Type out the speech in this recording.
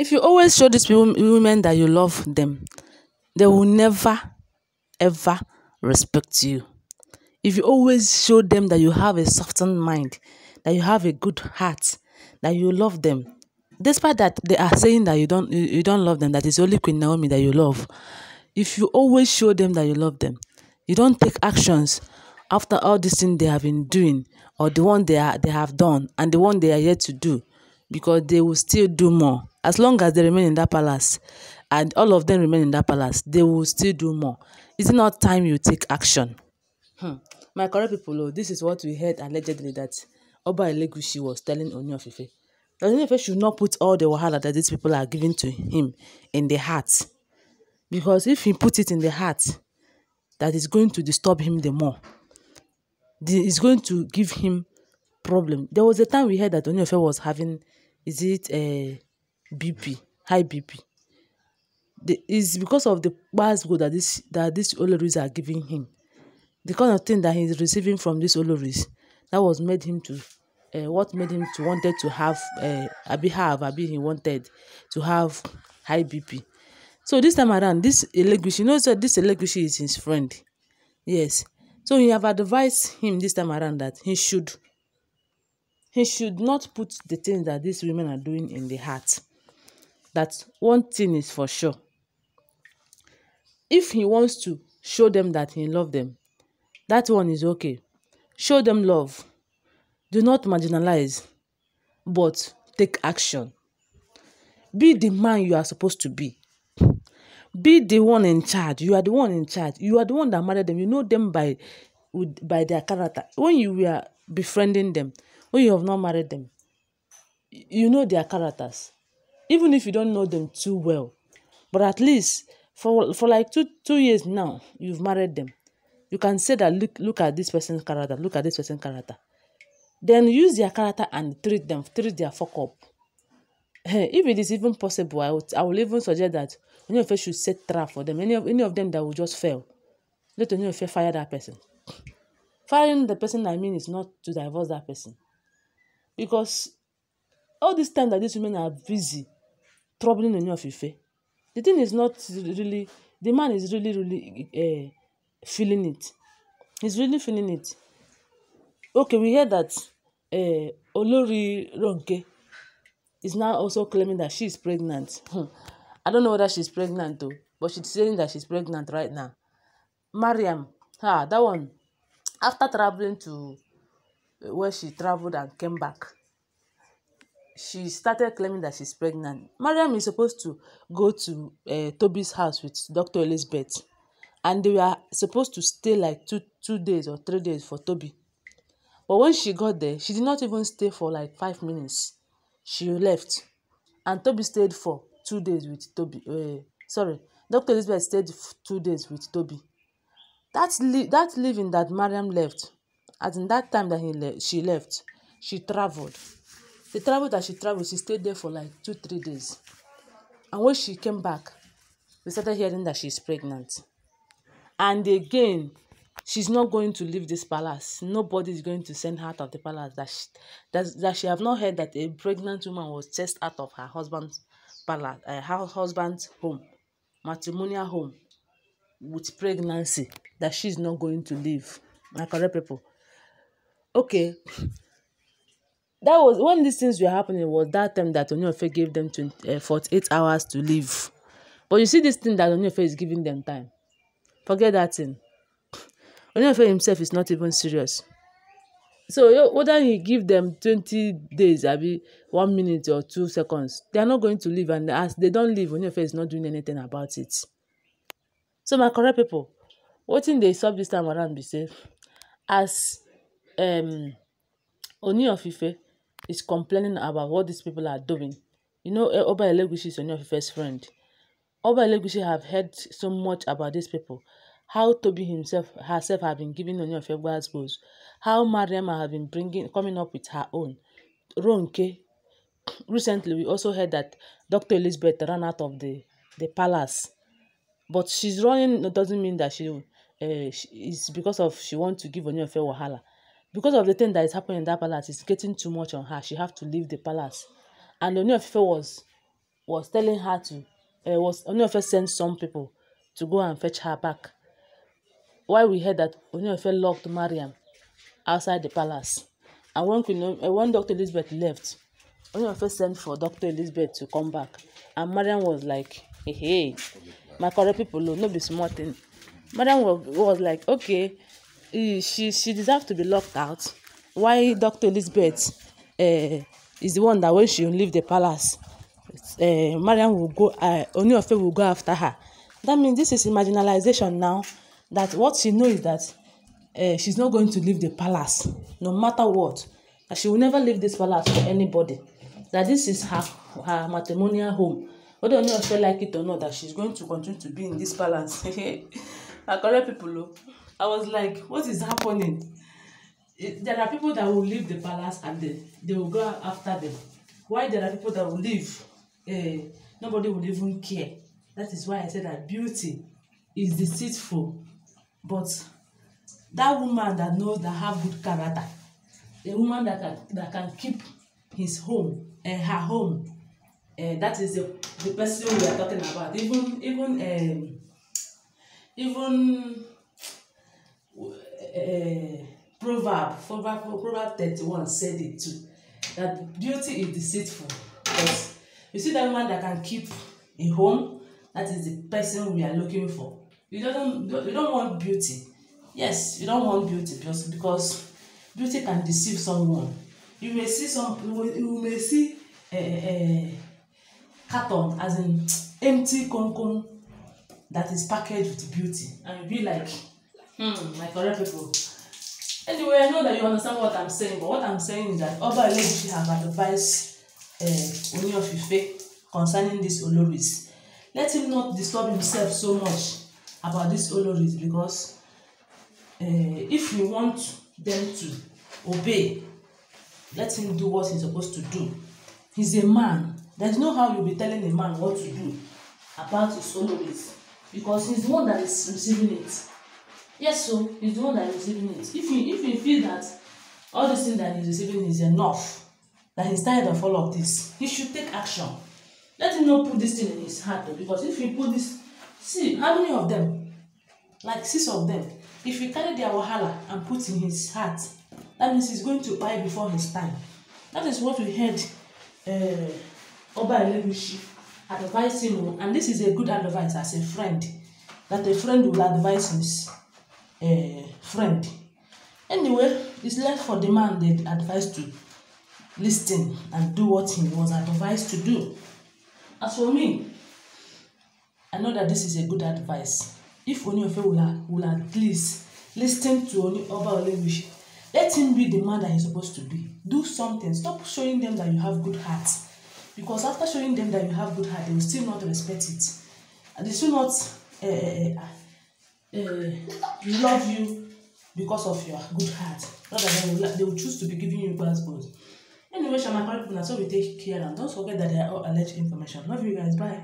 If you always show these women that you love them, they will never, ever respect you. If you always show them that you have a softened mind, that you have a good heart, that you love them, despite that they are saying that you don't you, don't love them, that it's only Queen Naomi that you love. If you always show them that you love them, you don't take actions after all these things they have been doing or the one they are they have done and the one they are yet to do because they will still do more. As long as they remain in that palace and all of them remain in that palace, they will still do more. It's not time you take action. Hmm. My correct people, oh, this is what we heard allegedly that Oba Elegushi was telling Oni of should not put all the wahala that these people are giving to him in the heart. Because if he put it in the heart, that is going to disturb him the more. It's going to give him problem. There was a time we heard that Oniofe was having is it a eh, BP, high BP? The, it's because of the past good that this that these Oloris are giving him. The kind of thing that he's receiving from these Oloris that was made him to uh, what made him to wanted to have uh, eh, be have be he wanted to have high BP. So this time around, this Elegushi, you know, so this Elegushi is his friend. Yes. So you have advised him this time around that he should he should not put the things that these women are doing in the heart. That one thing is for sure. If he wants to show them that he loves them, that one is okay. Show them love. Do not marginalize, but take action. Be the man you are supposed to be. Be the one in charge. You are the one in charge. You are the one that married them. You know them by, by their character. When you were befriending them, when you have not married them you know their characters even if you don't know them too well but at least for for like two two years now you've married them you can say that look look at this person's character look at this person's character then use their character and treat them treat their fuck up if it is even possible i would i will even suggest that any of Onyefe should set trap for them any of any of them that will just fail let any of Onyefe fire that person firing the person i mean is not to divorce that person because all this time that these women are busy troubling Ooni of Ife the thing is not really the man is really really uh, feeling it he's really feeling it okay we hear that uh, Olori Ronke is now also claiming that she is pregnant hmm. I don't know whether she's pregnant though but she's saying that she's pregnant right now Mariam ah that one after traveling to where she traveled and came back she started claiming that she's pregnant mariam is supposed to go to uh, toby's house with dr elizabeth and they were supposed to stay like two two days or three days for toby but when she got there she did not even stay for like five minutes she left and toby stayed for two days with toby uh, sorry dr elizabeth stayed two days with toby that li that leaving that mariam left as in that time that he le- she left, she traveled. The travel that she traveled, she stayed there for like two, three days. And when she came back, we started hearing that she's pregnant. And again, she's not going to leave this palace. Nobody is going to send her out of the palace. That she, that, that she have not heard that a pregnant woman was chased out of her husband's palace, uh, her husband's home, matrimonial home, with pregnancy. That she's not going to leave. My correct people. okay that was when these things were happening was that time that Oniofe gave them 20, uh, 48 hours to leave. But you see this thing that Oniofe is giving them time. Forget that thing. Oniofe himself is not even serious. So whether he give them twenty days, I one minute or two seconds, they are not going to leave. And as they don't leave, Oniofe is not doing anything about it. So my correct people, what in they solve this time around be safe. As um, Oni of is complaining about what these people are doing. You know, eh, Oba Elegushi is Oni of friend. Oba Elegushi have heard so much about these people. How Toby himself herself have been giving Oni of Ife goals. How Mariama have been bringing coming up with her own. Ronke. Recently, we also heard that Dr. Elizabeth ran out of the the palace, but she's running doesn't mean that she, uh, she is because of she wants to give Oni of wahala because of the thing that is happening in that palace it's getting too much on her she have to leave the palace and Ooni was was telling her to uh, was Ooni sent some people to go and fetch her back Why we heard that Ooni locked Mariam outside the palace and when Queen uh, when Dr. Elizabeth left Ooni sent for doctor Elizabeth to come back and Mariam was like hey, hey my correct people o no be small thing Mariam was, was like okay she she deserve to be locked out why dr elizabeth uh, is the one that when she leave the palace uh, mariam will go uh, eh, oniofe will go after her that means this is marginalization now that what she know is that uh, she's not going to leave the palace no matter what that she will never leave this palace for anybody that this is her her matrimonial home whether oniofe like it or not that she's going to continue to be in this palace na correct people o. I was like, what is happening? Eh, there are people that will leave the palace and they, they will go after them. Why there are people that will leave, uh, nobody will even care. That is why I said that beauty is deceitful. But that woman that knows that have good character, a woman that can, that can keep his home and uh, eh, her home, uh, that is the, the person we are talking about. Even even um, even Eh, eh, proverb proverb proverb thirty-one said it too that beauty is deceitful but you see that man that can keep a home that is the person we are looking for you don't you don't want beauty yes you don't want beauty just because beauty can deceive someone you may see some you may see uh, uh, carton as in empty konkon that is packaged with beauty and you be like Hmm. my correct people. Anyway, I know that you understand what I'm saying, but what I'm saying is that Oba Elegushi have advised uh, Ooni of Ife concerning this Oloris. Let him not disturb himself so much about this Oloris because uh, if you want them to obey, let him do what he's supposed to do. He's a man. There's no how you'll be telling a man what to do about his Oloris because he's the one that is receiving it yes so he's the one that is receiving it if he if he feel that all the things that he's receiving is enough that he's tired of all of this he should take action let him no put this thing in his heart o because if he put this see how many of them like six of them if he carry their wahala and put in his heart that means he's going to buy before his time that is what we heard uh, oba elegushi advise him o and this is a good advice as a friend that a friend will advise him uh, friend. Anyway, it's left for the man the advised to listen and do what he was advised to do. As for me, I know that this is a good advice. If Oni Ofe will, will at least listen to Oni Oba language, let him be the man that he's supposed to be. Do something. Stop showing them that you have good heart. Because after showing them that you have good heart, they will still not respect it. And they still not uh, uh, love you because of your good heart not that they will, they will choose to be giving you glass bones anyway sha my correct una so we take care and don't forget that they are all alleged information love you guys bye.